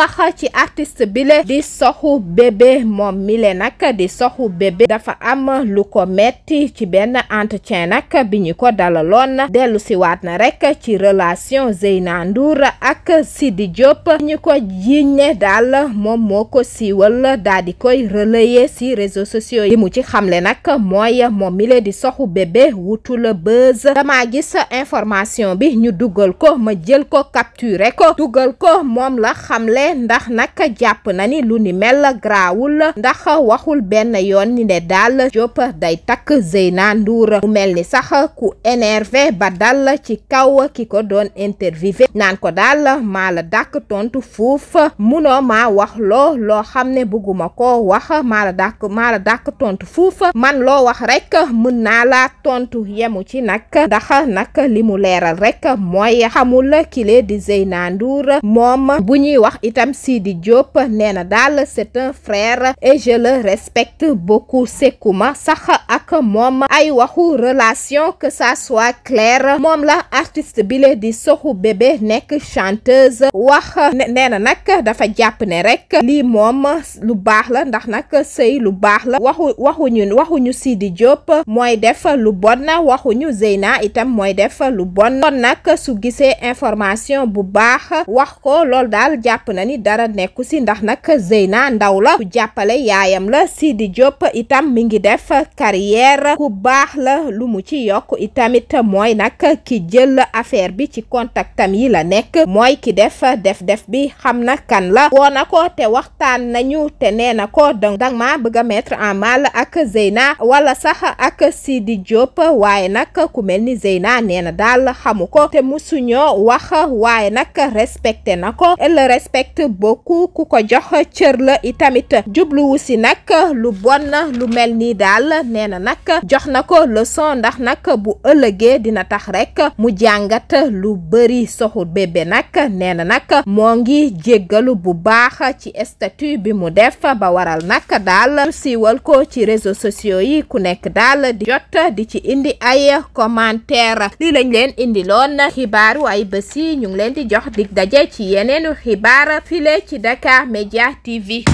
wax ci artist bi la di soxu bébé moom mi le nag di soxu bébé dafa am lu ko metti ci benn entretien nag bi ñu ko dalaloon dellu si waat na rek ci relation Zeyna Ndour ak Sidi Diop ñu ko jiiñe daal moom moo ko siiwal daal di koy relayer si réseaux sociaux yi mu ci xamle nag mooy moom mi le di soxu bébé wutu la buzz dama gis information bi ñu dugal ko ma jël ko capturer ko dugal ko moom la xamle ndax nag jàpp na ni lu ni mel graawul ndax waxul benn yoon ni ne daal Diop day takk Zeyna Ndour mu mel ni sax ku énervé ba dal ci kaw ki ko doon interviewé naan ko daal maa la dàkk tontu fuuf munoo ma wax loo loo xam ne bëgguma ko wax maa la dàkk maa tontu fuuf man loo wax rekk mën naa la tontu yemu ci nag ndax nag limu leeral rekk mooy xamul kile di Zeyna Ndour moom bu ñuy wax itam itam Sidi Diop nee na daal c'est un frère et je le respecte beaucoup sekkuma sax ak moom ay waxu relation que sa soit clair moom la artiste bi le di soxu bébé nekk chanteuse wax nee na nag dafa jàpp ne rek lii moom lu baax la ndax nag sëy lu baax la waxu waxuñu sii di Diop mooy def lu bon waxuñu Zeyna itam mooy def lu bon kon nag su gisee information bu baax wax ko loolu daal jàpp na na ni dara nekku si ndax nag Zeyna ndaw la ku jàppale yaayam la sii di Diop itam mi ngi def carrière ku baax la lu mu ci yokk itamit mooy nag ki jël affaire bi ci contactam yi la nekk mooy ki def def-def bi xam na kan la woo ko te waxtaan nañu te nee na ko dang ma bëgg a mettre en mal ak Zeyna wala sax ak Sidi Diop waaye nag ku mel ni Zeyna nee daal xamu ko te musuñoo wax waaye nag respecté na ko elle respecte respecte beaucoup ku ko jox cër la itamit jubluwu si nag lu bon lu mel nii daal nee na nag jox na ko leçon ndax nag bu ëllëgee dina tax rek mu jàngat lu bëri soxu bébé nag nee na nag moo ngi jéggalu bu baax ci statut bi mu def ba waral nag daal siiwal ko ci réseaux sociaux yi ku nekk daal di jot di ci indi ay commentaire lii lañ leen indi loon xibaaru ay bés yi ñu ngi leen di jox di daje ci yeneenu xibaar appuyez ci Dakar Media TV